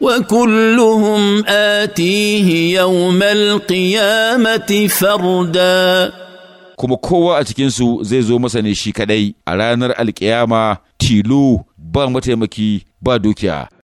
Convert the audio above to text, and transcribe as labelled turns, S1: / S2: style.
S1: وكلهم آتيه يوم القيامة فردا kuma kowa a cikinsu zai zo masa ne shi kaɗai, a ranar alƙiyama, tilo ba mataimaki ba dukiya